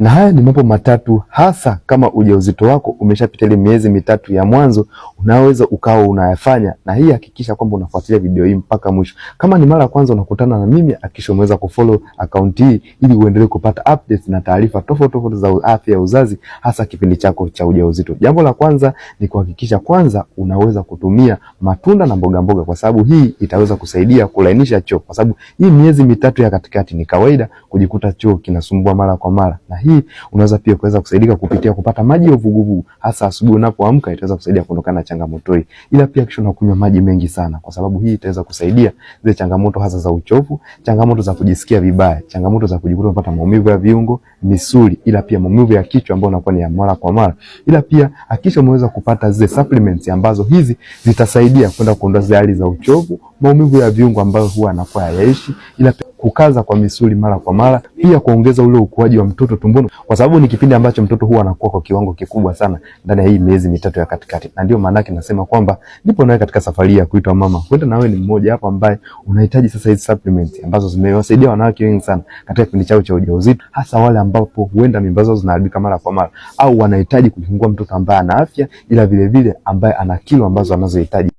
na haya ni mambo matatu hasa kama ujauzito wako umeshapita ile miezi mitatu ya mwanzo unaweza ukawa unayafanya, na hii hakikisha kwamba unafuatilia video hii mpaka mwisho. Kama ni mara ya kwanza unakutana na mimi, hakikisha umeweza kufollow account hii ili uendelee kupata updates na taarifa tofauti tofauti za afya ya uzazi, hasa kipindi chako cha ujauzito. Jambo la kwanza ni kuhakikisha kwanza unaweza kutumia matunda na mboga mboga, kwa sababu hii itaweza kusaidia kulainisha choo, kwa sababu hii miezi mitatu ya katikati ni kawaida kujikuta choo kinasumbua mara kwa mara, na hii unaweza pia kuweza kusaidika kupitia kupata maji ya uvuguvugu, hasa asubuhi unapoamka, itaweza kusaidia kuondokana changamoto hii, ila pia kisha unakunywa maji mengi sana, kwa sababu hii itaweza kusaidia zile changamoto hasa za uchovu, changamoto za kujisikia vibaya, changamoto za kujikuta unapata maumivu ya viungo, misuli, ila pia maumivu ya kichwa ambayo unakuwa ni ya mara kwa mara, ila pia hakisha umeweza kupata zile supplements ambazo hizi zitasaidia kwenda kuondoa zile hali za uchovu, maumivu ya viungo ambayo huwa anakuwa hayaishi, ila pia kukaza kwa misuli mara kwa mara, pia kuongeza ule ukuaji wa mtoto tumboni, kwa sababu ni kipindi ambacho mtoto huwa anakuwa kwa kiwango kikubwa sana ndani ya hii miezi mitatu ya katikati, na ndio maana yake nasema kwamba ndipo nawe katika safari ya kuitwa mama, huenda nawe ni mmoja hapo ambaye unahitaji sasa hizi supplements ambazo zimewasaidia wanawake wengi sana katika kipindi chao cha ujauzito, hasa wale ambapo huenda mimba zao zinaharibika mara kwa mara, au wanahitaji kujifungua mtoto ambaye ana afya, ila vilevile ambaye ana kilo ambazo anazohitaji.